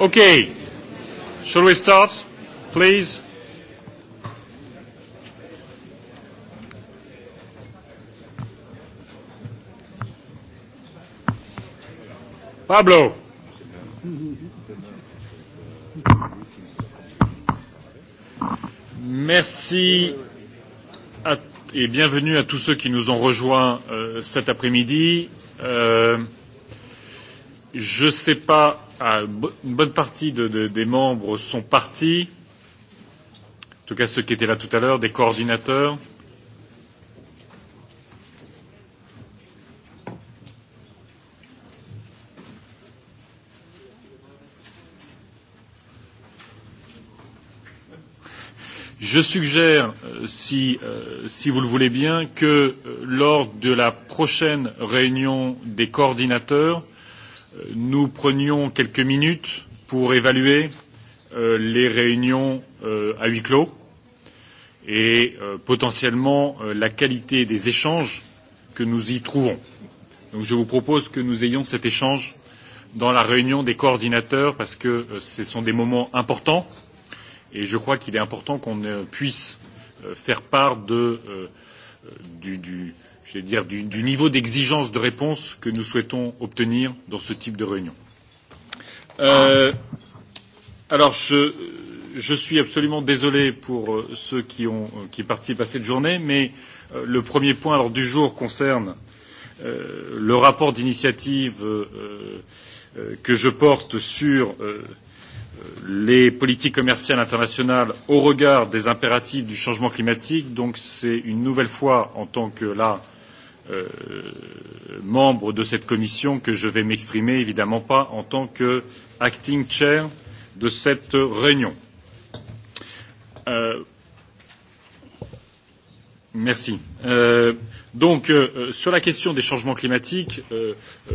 Okay. Shall we start, please? Pablo. Merci à, et bienvenue à tous ceux qui nous ont rejoints euh, cet après-midi. Euh, je ne sais pas ah, une bonne partie de, de, des membres sont partis, en tout cas ceux qui étaient là tout à l'heure, des coordinateurs. Je suggère, si, si vous le voulez bien, que lors de la prochaine réunion des coordinateurs, euh, nous prenions quelques minutes pour évaluer les réunions à huis clos et potentiellement la qualité des échanges que nous y trouvons. Donc je vous propose que nous ayons cet échange dans la réunion des coordinateurs parce que ce sont des moments importants et je crois qu'il est important qu'on puisse faire part de, du, du, j'allais dire, du, du niveau d'exigence de réponse que nous souhaitons obtenir dans ce type de réunion. Euh, alors, je, je suis absolument désolé pour ceux qui, ont, qui participent à cette journée, mais le premier point alors, du jour concerne euh, le rapport d'initiative euh, euh, que je porte sur euh, les politiques commerciales internationales au regard des impératifs du changement climatique. Donc c'est une nouvelle fois en tant que là membre de cette commission que je vais m'exprimer, évidemment pas en tant que acting chair de cette réunion. Merci. Euh, donc, euh, sur la question des changements climatiques, euh, euh,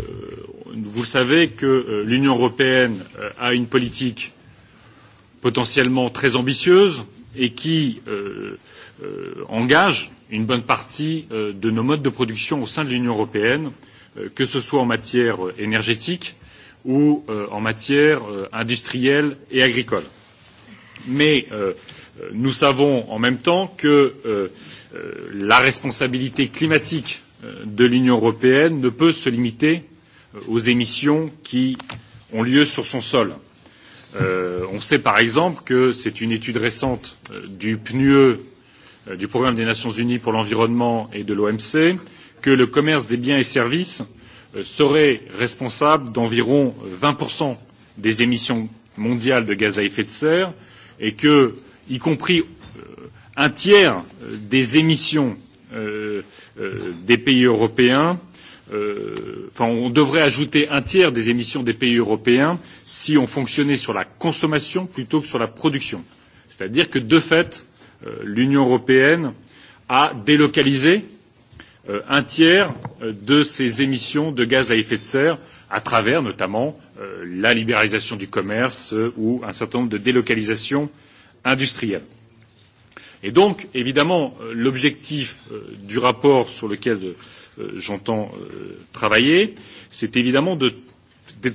vous le savez que euh, l'Union européenne euh, a une politique potentiellement très ambitieuse et qui euh, euh, engage euh, une bonne partie de nos modes de production au sein de l'Union européenne, que ce soit en matière énergétique ou en matière industrielle et agricole. Mais nous savons en même temps que la responsabilité climatique de l'Union européenne ne peut se limiter aux émissions qui ont lieu sur son sol. on sait par exemple que c'est une étude récente du PNUE du programme des Nations Unies pour l'environnement et de l'OMC que le commerce des biens et services serait responsable d'environ vingt des émissions mondiales de gaz à effet de serre et que, y compris un tiers des émissions des pays européens enfin on devrait ajouter un tiers des émissions des pays européens si on fonctionnait sur la consommation plutôt que sur la production. C'est à dire que, de fait, l'Union européenne à délocaliser un tiers de ses émissions de gaz à effet de serre à travers notamment la libéralisation du commerce ou un certain nombre de délocalisations industrielles. Et donc, évidemment, l'objectif du rapport sur lequel j'entends travailler, c'est évidemment de,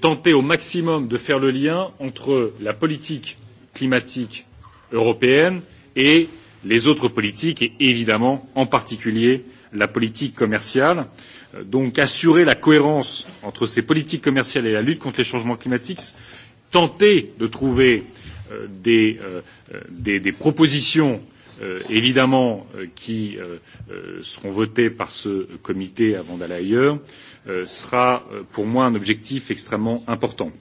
tenter au maximum de faire le lien entre la politique climatique européenne et les autres politiques et évidemment en particulier la politique commerciale. Donc assurer la cohérence entre ces politiques commerciales et la lutte contre les changements climatiques, tenter de trouver des, propositions évidemment qui seront votées par ce comité avant d'aller ailleurs sera pour moi un objectif extrêmement important.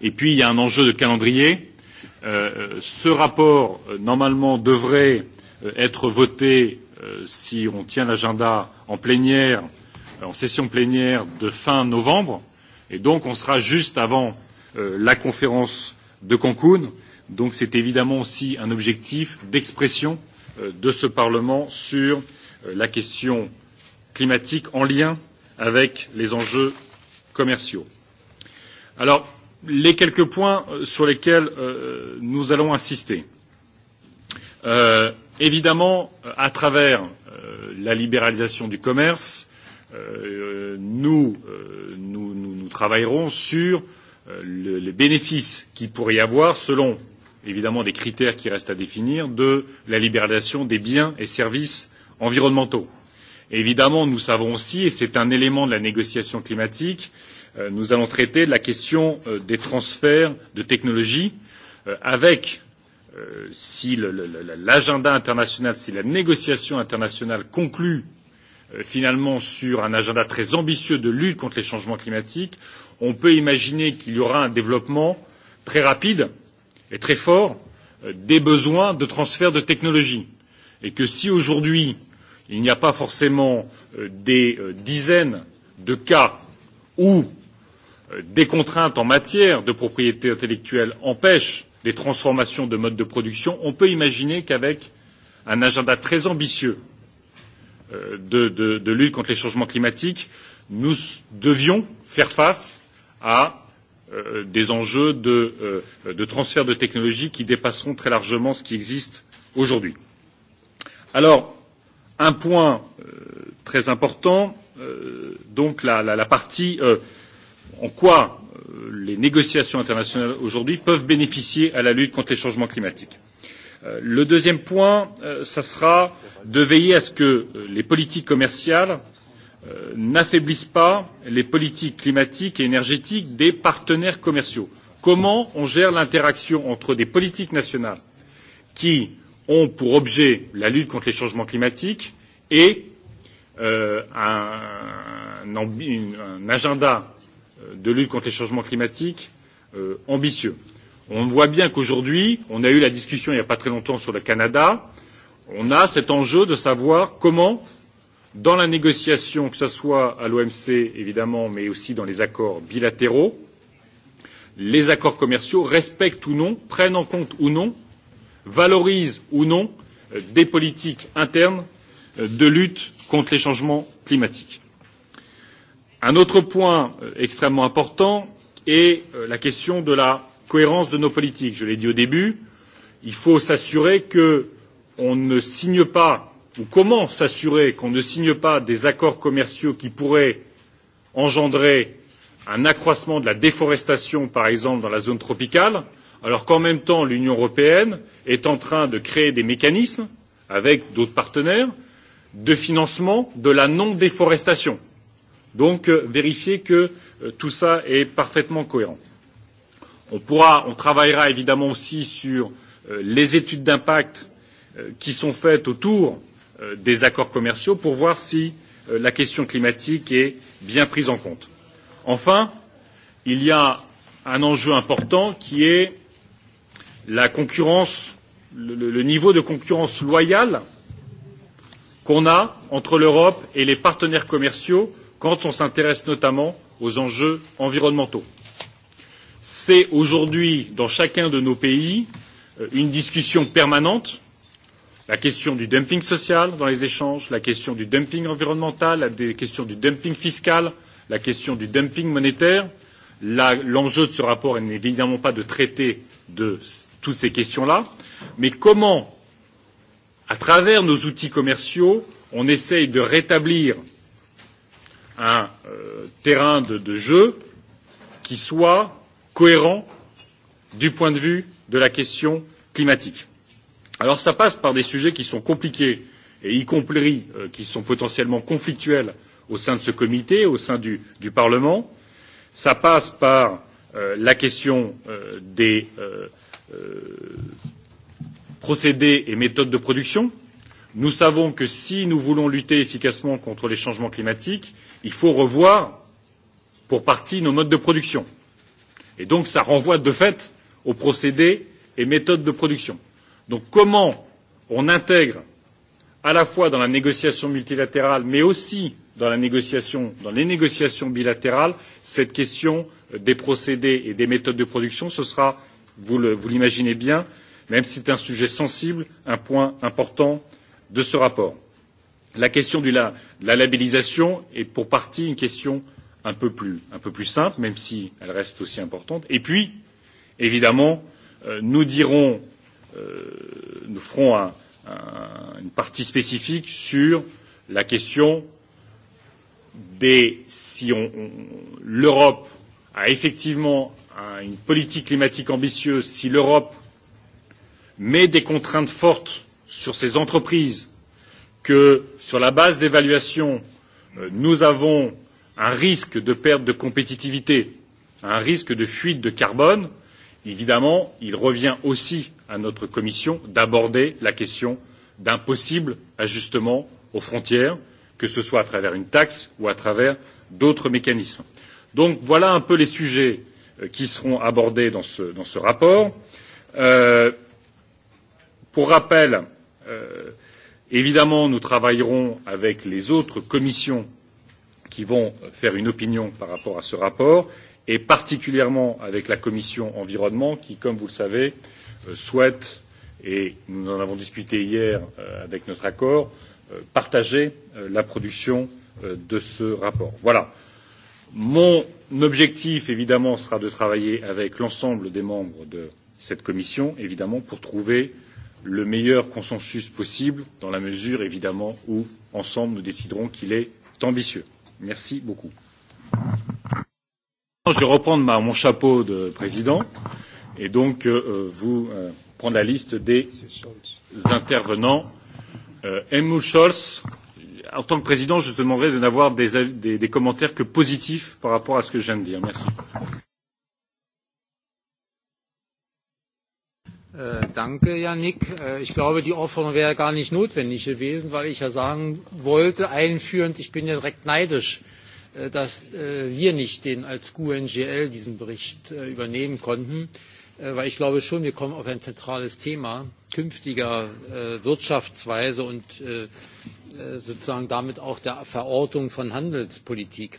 Et puis il y a un enjeu de calendrier ce rapport, normalement, devrait être voté, si on tient l'agenda, en plénière, en session plénière de fin novembre. Et donc, on sera juste avant la conférence de Cancun. Donc, c'est évidemment aussi un objectif d'expression de ce Parlement sur la question climatique en lien avec les enjeux commerciaux. Alors, les quelques points sur lesquels nous allons insister. évidemment, à travers la libéralisation du commerce, nous, travaillerons sur les bénéfices qu'il pourrait y avoir, selon évidemment des critères qui restent à définir, de la libéralisation des biens et services environnementaux. Évidemment, nous savons aussi, et c'est un élément de la négociation climatique, euh, nous allons traiter la question des transferts de technologies avec si l'agenda international, si la négociation internationale conclut finalement sur un agenda très ambitieux de lutte contre les changements climatiques, on peut imaginer qu'il y aura un développement très rapide et très fort des besoins de transfert de technologies et que si aujourd'hui il n'y a pas forcément des dizaines de cas où des contraintes en matière de propriété intellectuelle empêchent les transformations de modes de production, on peut imaginer qu'avec un agenda très ambitieux de, de, de lutte contre les changements climatiques, nous devions faire face à euh, des enjeux de, euh, de transfert de technologies qui dépasseront très largement ce qui existe aujourd'hui. Alors, un point euh, très important, euh, donc la, la, la partie euh, en quoi les négociations internationales aujourd'hui peuvent bénéficier à la lutte contre les changements climatiques. Le deuxième point, ça sera de veiller à ce que les politiques commerciales n'affaiblissent pas les politiques climatiques et énergétiques des partenaires commerciaux. Comment on gère l'interaction entre des politiques nationales qui ont pour objet la lutte contre les changements climatiques et un, agenda de lutte contre les changements climatiques ambitieux. On voit bien qu'aujourd'hui, on a eu la discussion il n'y a pas très longtemps sur le Canada, on a cet enjeu de savoir comment, dans la négociation, que ce soit à l'OMC évidemment, mais aussi dans les accords bilatéraux, les accords commerciaux respectent ou non, prennent en compte ou non, valorisent ou non des politiques internes de lutte contre les changements climatiques. Un autre point extrêmement important est la question de la cohérence de nos politiques. Je l'ai dit au début, il faut s'assurer que l'on ne signe pas ou comment s'assurer qu'on ne signe pas des accords commerciaux qui pourraient engendrer un accroissement de la déforestation, par exemple, dans la zone tropicale, alors qu'en même temps l'Union européenne est en train de créer des mécanismes avec d'autres partenaires de financement de la non déforestation. Donc vérifier que tout cela est parfaitement cohérent. On pourra, on travaillera évidemment aussi sur les études d'impact qui sont faites autour des accords commerciaux pour voir si la question climatique est bien prise en compte. Enfin, il y a un enjeu important qui est la concurrence, le, niveau de concurrence loyale qu'on a entre l'Europe et les partenaires commerciaux quand on s'intéresse notamment aux enjeux environnementaux. C'est aujourd'hui, dans chacun de nos pays, une discussion permanente la question du dumping social dans les échanges, la question du dumping environnemental, la question du dumping fiscal, la question du dumping monétaire. L'enjeu de ce rapport n'est évidemment pas de traiter de toutes ces questions-là, mais comment, à travers nos outils commerciaux, on essaye de rétablir un terrain de, jeu qui soit cohérent du point de vue de la question climatique. Alors cela passe par des sujets qui sont compliqués et y compris qui sont potentiellement conflictuels au sein de ce comité, au sein du, Parlement. Cela passe par la question des procédés et méthodes de production Nous savons que si nous voulons lutter efficacement contre les changements climatiques, il faut revoir pour partie nos modes de production. Et donc, ça renvoie de fait aux procédés et méthodes de production. Donc, comment on intègre à la fois dans la négociation multilatérale, mais aussi dans, la négociation, dans les négociations bilatérales, cette question des procédés et des méthodes de production, ce sera, vous l'imaginez bien, même si c'est un sujet sensible, un point important euh, de ce rapport. La question de la, labellisation est pour partie une question un peu plus, simple, même si elle reste aussi importante. Et puis, évidemment, nous dirons, nous ferons une partie spécifique sur la question des si l'Europe a effectivement une politique climatique ambitieuse, si l'Europe met des contraintes fortes sur ces entreprises que, sur la base d'évaluation, nous avons un risque de perte de compétitivité, un risque de fuite de carbone, évidemment, il revient aussi à notre commission d'aborder la question d'un possible ajustement aux frontières, que ce soit à travers une taxe ou à travers d'autres mécanismes. Donc voilà un peu les sujets qui seront abordés dans ce, rapport. pour rappel, évidemment, nous travaillerons avec les autres commissions qui vont faire une opinion par rapport à ce rapport et particulièrement avec la commission environnement qui, comme vous le savez, souhaite et nous en avons discuté hier avec notre accord partager la production de ce rapport. Voilà. Mon objectif, évidemment, sera de travailler avec l'ensemble des membres de cette commission, évidemment, pour trouver le meilleur consensus possible, dans la mesure évidemment où, ensemble, nous déciderons qu'il est ambitieux. Merci beaucoup. Je vais reprendre ma, mon chapeau de président et donc euh, vous euh, prendre la liste des intervenants. Euh, Helmut Scholz, en tant que président, je te demanderai de n'avoir des, des, des commentaires que positifs par rapport à ce que je viens de dire. Merci. Danke, Yannick. Ich glaube, die Aufforderung wäre gar nicht notwendig gewesen, weil ich ja sagen wollte, einführend, ich bin ja direkt neidisch, dass wir nicht den als QNGL diesen Bericht übernehmen konnten, weil ich glaube schon, wir kommen auf ein zentrales Thema künftiger Wirtschaftsweise und sozusagen damit auch der Verortung von Handelspolitik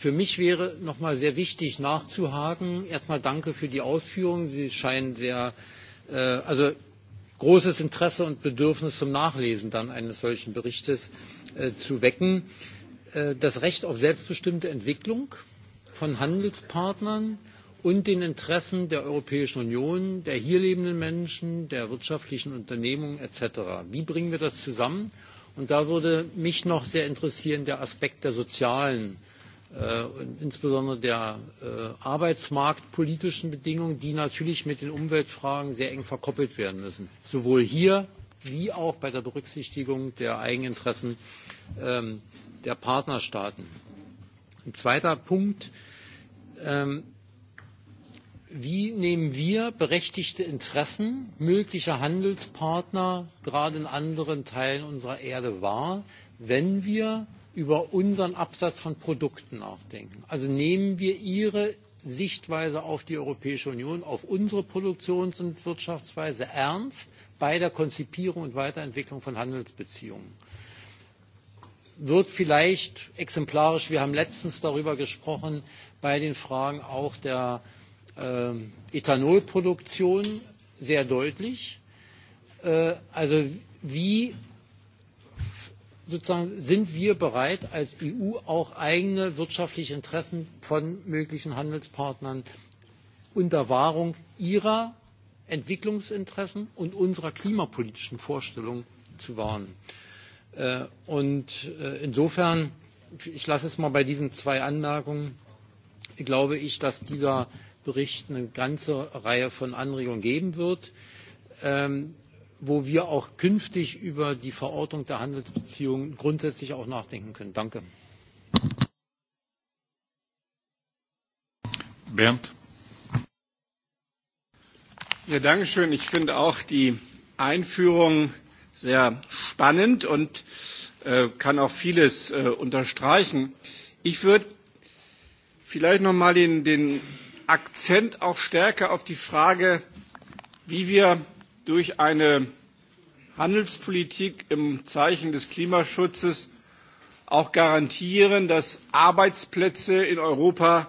Für mich wäre noch einmal sehr wichtig nachzuhaken. Erstmal danke für die Ausführungen. Sie scheinen sehr, also großes Interesse und Bedürfnis zum Nachlesen dann eines solchen Berichts zu wecken. Das Recht auf selbstbestimmte Entwicklung von Handelspartnern und den Interessen der Europäischen Union, der hier lebenden Menschen, der wirtschaftlichen Unternehmungen etc. Wie bringen wir das zusammen? Und da würde mich noch sehr interessieren der Aspekt der sozialen äh, insbesondere der arbeitsmarktpolitischen Bedingungen, die natürlich mit den Umweltfragen sehr eng verkoppelt werden müssen, sowohl hier wie auch bei der Berücksichtigung der Eigeninteressen der Partnerstaaten. Ein zweiter Punkt Wie nehmen wir berechtigte Interessen möglicher Handelspartner gerade in anderen Teilen unserer Erde wahr, wenn wir über unseren Absatz von Produkten nachdenken. Also nehmen wir Ihre Sichtweise auf die Europäische Union, auf unsere Produktions- und Wirtschaftsweise ernst bei der Konzipierung und Weiterentwicklung von Handelsbeziehungen. Wird vielleicht exemplarisch, wir haben letztens darüber gesprochen, bei den Fragen auch der Ethanolproduktion sehr deutlich. also wie sozusagen sind wir bereit, als EU auch eigene wirtschaftliche Interessen von möglichen Handelspartnern unter Wahrung ihrer Entwicklungsinteressen und unserer klimapolitischen Vorstellungen zu wahren? insofern, ich lasse es mal bei diesen zwei Anmerkungen, glaube ich, dass dieser Bericht eine ganze Reihe von Anregungen geben wird wo wir auch künftig über die Verordnung der Handelsbeziehungen grundsätzlich auch nachdenken können. Danke. Bernd. Ja, danke schön. Ich finde auch die Einführung sehr spannend und kann auch vieles unterstreichen. Ich würde vielleicht noch mal den, Akzent auch stärker auf die Frage, wie wir durch eine Handelspolitik im Zeichen des Klimaschutzes auch garantieren, dass Arbeitsplätze in Europa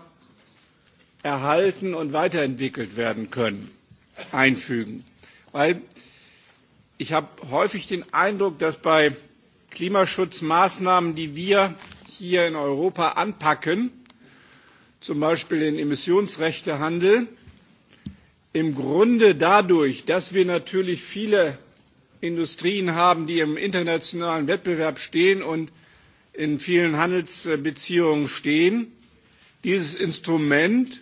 erhalten und weiterentwickelt werden können, einfügen. Weil ich habe häufig den Eindruck, dass bei Klimaschutzmaßnahmen, die wir hier in Europa anpacken, zum Beispiel den Emissionsrechtehandel, im Grunde dadurch, dass wir natürlich viele Industrien haben, die im internationalen Wettbewerb stehen und in vielen Handelsbeziehungen stehen, dieses Instrument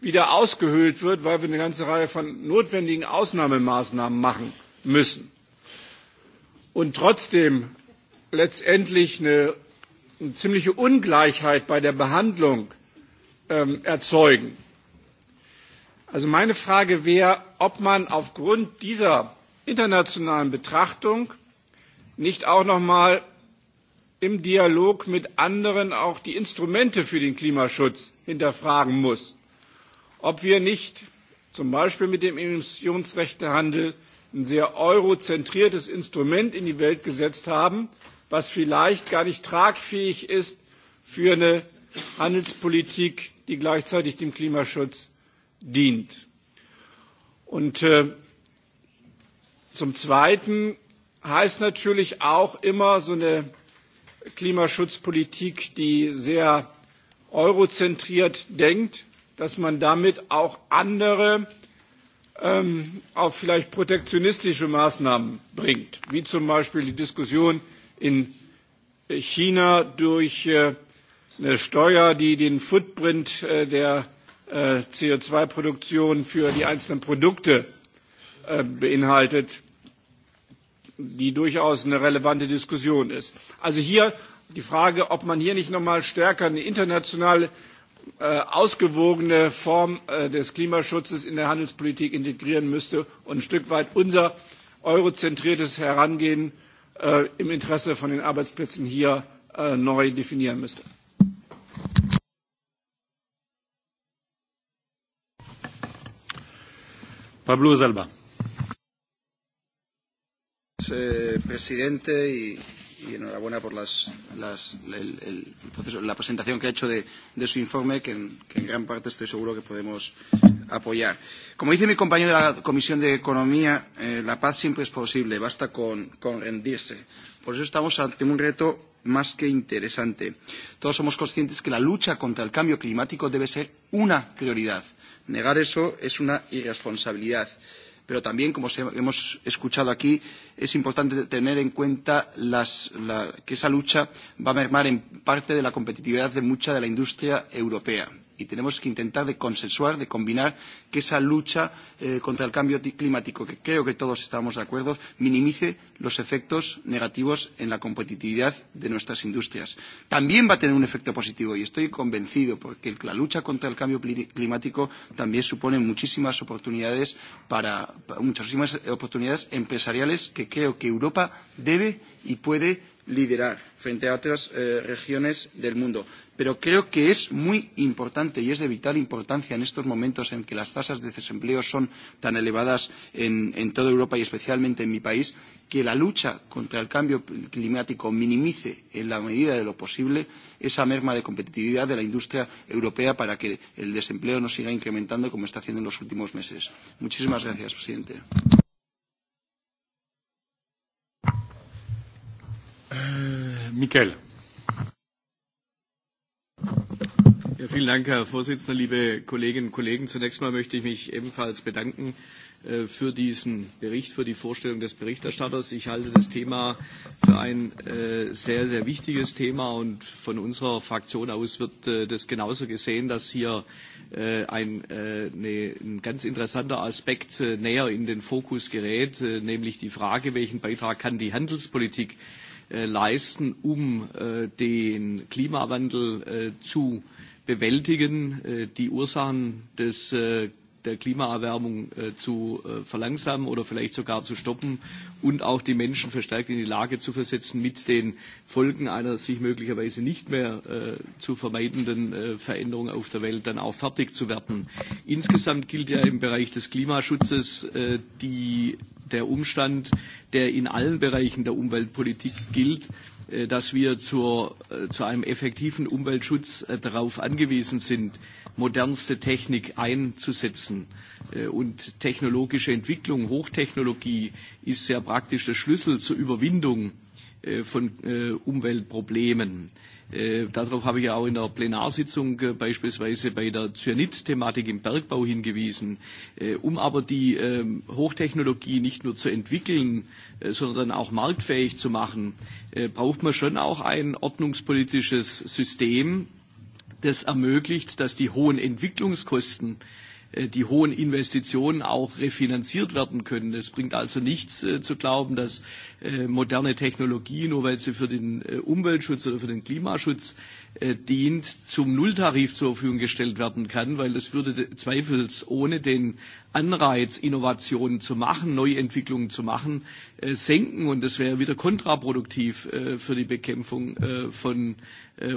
wieder ausgehöhlt wird, weil wir eine ganze Reihe von notwendigen Ausnahmemaßnahmen machen müssen. Und trotzdem letztendlich eine, ziemliche Ungleichheit bei der Behandlung erzeugen. Also meine Frage wäre, ob man aufgrund dieser internationalen Betrachtung nicht auch noch mal im Dialog mit anderen auch die Instrumente für den Klimaschutz hinterfragen muss. Ob wir nicht zum Beispiel mit dem Emissionsrechtehandel ein sehr eurozentriertes Instrument in die Welt gesetzt haben, was vielleicht gar nicht tragfähig ist für eine Handelspolitik, die gleichzeitig dem Klimaschutz dient. Und zum Zweiten heißt natürlich auch immer so eine Klimaschutzpolitik, die sehr eurozentriert denkt, dass man damit auch andere auf vielleicht protektionistische Maßnahmen bringt, wie zum Beispiel die Diskussion in China durch eine Steuer, die den Footprint der co zwei produktion für die einzelnen Produkte beinhaltet, die durchaus eine relevante Diskussion ist. Also hier die Frage, ob man hier nicht noch mal stärker eine international ausgewogene Form des Klimaschutzes in der Handelspolitik integrieren müsste und ein Stück weit unser eurozentriertes Herangehen im Interesse von den Arbeitsplätzen hier neu definieren müsste. Señor presidente, y, enhorabuena por la presentación que ha hecho de, su informe, que en, gran parte estoy seguro que podemos apoyar. Como dice mi compañero de la Comisión de Economía, la paz siempre es posible, basta con rendirse. Por eso estamos ante un reto más que interesante. Todos somos conscientes que la lucha contra el cambio climático debe ser una prioridad. Negar eso es una irresponsabilidad. Pero también, como hemos escuchado aquí, es importante tener en cuenta las, la, que esa lucha va a mermar en parte de la competitividad de mucha de la industria europea y tenemos que intentar de consensuar, de combinar que esa lucha contra el cambio climático, que creo que todos estamos de acuerdo, minimice los efectos negativos en la competitividad de nuestras industrias. También va a tener un efecto positivo y estoy convencido porque la lucha contra el cambio climático también supone muchísimas oportunidades para muchísimas oportunidades empresariales que creo que Europa debe y puede liderar frente a otras regiones del mundo. Pero creo que es muy importante y es de vital importancia en estos momentos en que las tasas de desempleo son tan elevadas en, toda Europa y especialmente en mi país, que la lucha contra el cambio climático minimice en la medida de lo posible esa merma de competitividad de la industria europea para que el desempleo no siga incrementando como está haciendo en los últimos meses. Muchísimas gracias, presidente. Michael. Ja, vielen Dank, Herr Vorsitzender, liebe Kolleginnen und Kollegen. Zunächst mal möchte ich mich ebenfalls bedanken für diesen Bericht, für die Vorstellung des Berichterstatters. Ich halte das Thema für ein sehr, sehr wichtiges Thema und von unserer Fraktion aus wird das genauso gesehen, dass hier ein, ganz interessanter Aspekt näher in den Fokus gerät, nämlich die Frage, welchen Beitrag kann die Handelspolitik leisten, um den Klimawandel zu bewältigen, die Ursachen des der Klimaerwärmung zu verlangsamen oder vielleicht sogar zu stoppen und auch die Menschen verstärkt in die Lage zu versetzen, mit den Folgen einer sich möglicherweise nicht mehr zu vermeidenden Veränderung auf der Welt dann auch fertig zu werden. Insgesamt gilt ja im Bereich des Klimaschutzes die der Umstand, der in allen Bereichen der Umweltpolitik gilt, dass wir zu einem effektiven Umweltschutz darauf angewiesen sind, modernste Technik einzusetzen. Und technologische Entwicklung, Hochtechnologie ist sehr praktisch der Schlüssel zur Überwindung von Umweltproblemen. Darauf habe ich ja auch in der Plenarsitzung beispielsweise bei der Cyanid thematik im Bergbau hingewiesen. Um aber die Hochtechnologie nicht nur zu entwickeln, sondern auch marktfähig zu machen, braucht man schon auch ein ordnungspolitisches System, das ermöglicht, dass die hohen Entwicklungskosten die hohen Investitionen auch refinanziert werden können. Es bringt also nichts zu glauben, dass moderne Technologie, nur weil sie für den Umweltschutz oder für den Klimaschutz dient, zum Nulltarif zur Verfügung gestellt werden kann, weil das würde zweifelsohne den Anreiz, Innovationen zu machen, Neuentwicklungen zu machen, senken. Und das wäre wieder kontraproduktiv für die Bekämpfung von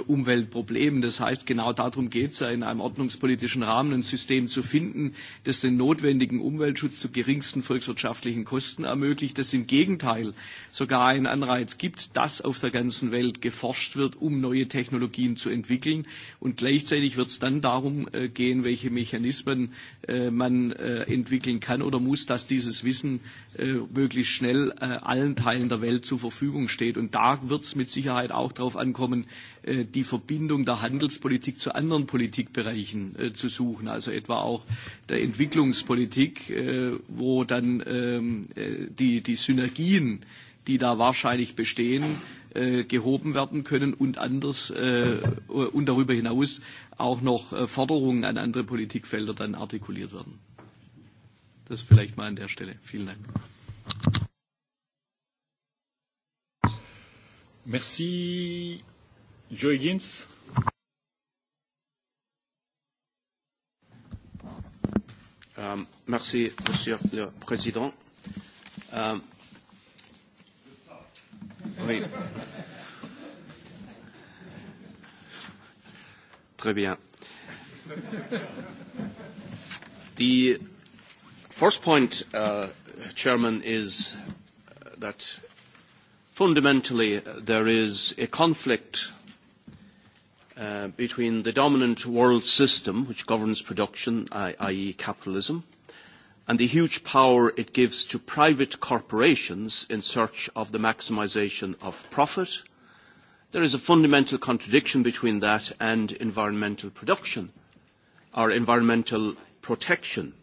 Umweltproblemen. Das heißt, genau darum geht es ja, in einem ordnungspolitischen Rahmen ein System zu finden, das den notwendigen Umweltschutz zu geringsten volkswirtschaftlichen Kosten ermöglicht, das im Gegenteil sogar einen Anreiz gibt, dass auf der ganzen Welt geforscht wird, um neue Technologien zu entwickeln. Und gleichzeitig wird es dann darum gehen, welche Mechanismen man entwickeln kann oder muss, dass dieses Wissen möglichst schnell allen Teilen der Welt zur Verfügung steht. Und da wird es mit Sicherheit auch darauf ankommen, die Verbindung der Handelspolitik zu anderen Politikbereichen zu suchen, also etwa auch der Entwicklungspolitik, wo dann die Synergien, die da wahrscheinlich bestehen, gehoben werden können und anders und darüber hinaus auch noch Forderungen an andere Politikfelder dann artikuliert werden. Das vielleicht mal an der Stelle. Vielen Dank. Merci. Joe Higgins. Merci, Monsieur le Président. Oui. Très bien. The first point, uh, Chairman, is that fundamentally there is a conflict between the dominant world system which governs production, i.e. capitalism, and the huge power it gives to private corporations in search of the maximisation of profit, there is a fundamental contradiction between that and environmental production or environmental protection.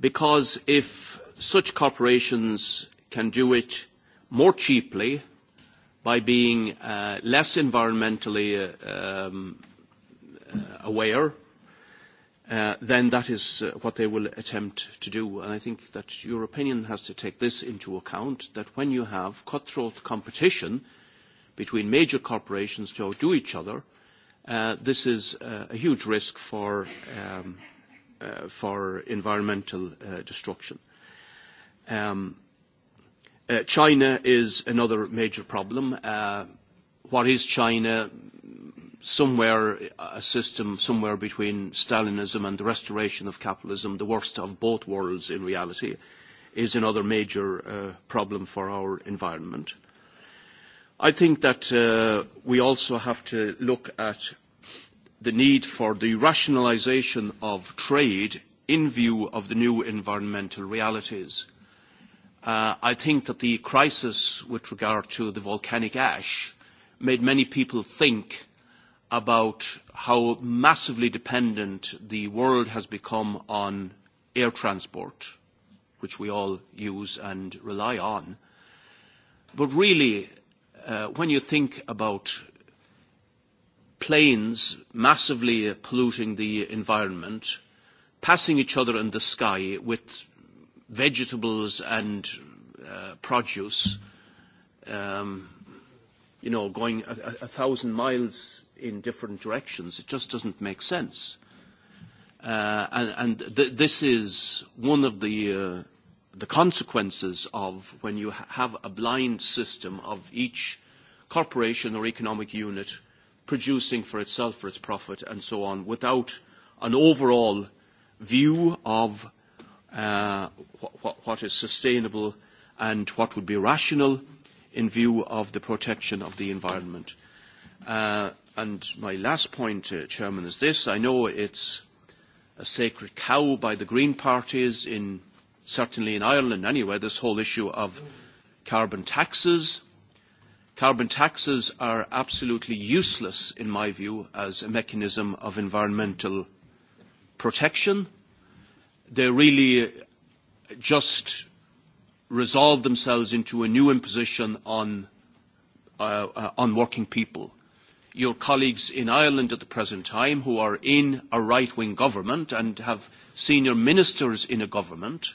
Because if such corporations can do it more cheaply by being less environmentally aware, then that is what they will attempt to do. And I think that your opinion has to take this into account, that when you have cutthroat competition between major corporations to outdo each other, this is a huge risk for, environmental destruction. China is another major problem. what is China? Somewhere a system somewhere between Stalinism and the restoration of capitalism, the worst of both worlds in reality, is another major problem for our environment. I think that we also have to look at the need for the rationalisation of trade in view of the new environmental realities I think that the crisis with regard to the volcanic ash made many people think about how massively dependent the world has become on air transport, which we all use and rely on. But really, when you think about planes massively polluting the environment, passing each other in the sky with vegetables and uh, produce, um, you know, going a, a, a thousand miles in different directions. It just doesn't make sense. Uh, and and th- this is one of the uh, the consequences of when you ha- have a blind system of each corporation or economic unit producing for itself for its profit and so on without an overall view of uh, wh- what is sustainable and what would be rational in view of the protection of the environment. Uh, and my last point, uh, Chairman, is this. I know it's a sacred cow by the Green parties in certainly in Ireland anyway, this whole issue of carbon taxes. Carbon taxes are absolutely useless, in my view, as a mechanism of environmental protection they really just resolve themselves into a new imposition on, uh, uh, on working people. Your colleagues in Ireland at the present time who are in a right-wing government and have senior ministers in a government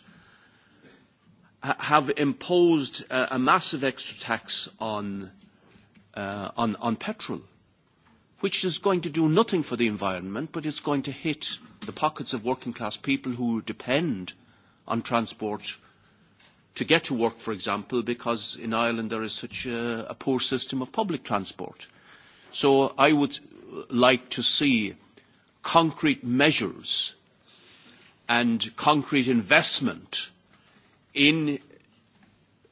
have imposed a, a massive extra tax on, uh, on, on petrol which is going to do nothing for the environment, but it's going to hit the pockets of working class people who depend on transport to get to work, for example, because in Ireland there is such a, a poor system of public transport. So I would like to see concrete measures and concrete investment in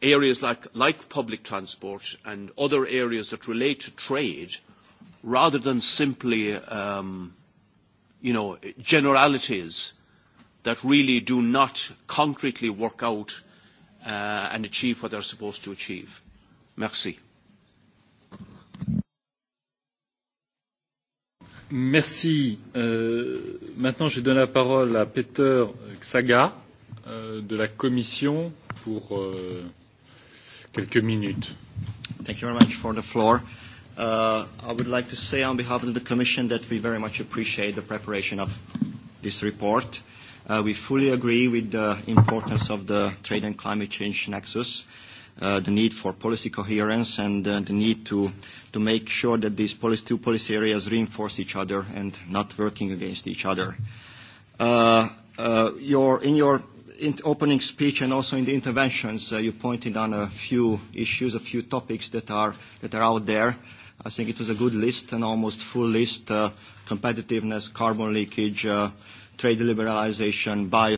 areas like, like public transport and other areas that relate to trade – rather than simply um, you know, generalities that really do not concretely work out uh, and achieve what they're supposed to achieve. Merci. Merci. Euh, maintenant, je donne la parole à Peter Xaga euh, de la Commission pour euh, quelques minutes. Thank you very much for the floor. Uh, Uh, I would like to say on behalf of the Commission that we very much appreciate the preparation of this report. Uh, we fully agree with the importance of the trade and climate change nexus, uh, the need for policy coherence, and uh, the need to, to make sure that these policy, two policy areas reinforce each other and not working against each other. Uh, uh, your, in your in opening speech and also in the interventions, uh, you pointed on a few issues, a few topics that are, that are out there I think it was a good list, an almost full list, uh, competitiveness, carbon leakage, uh, trade liberalization, bio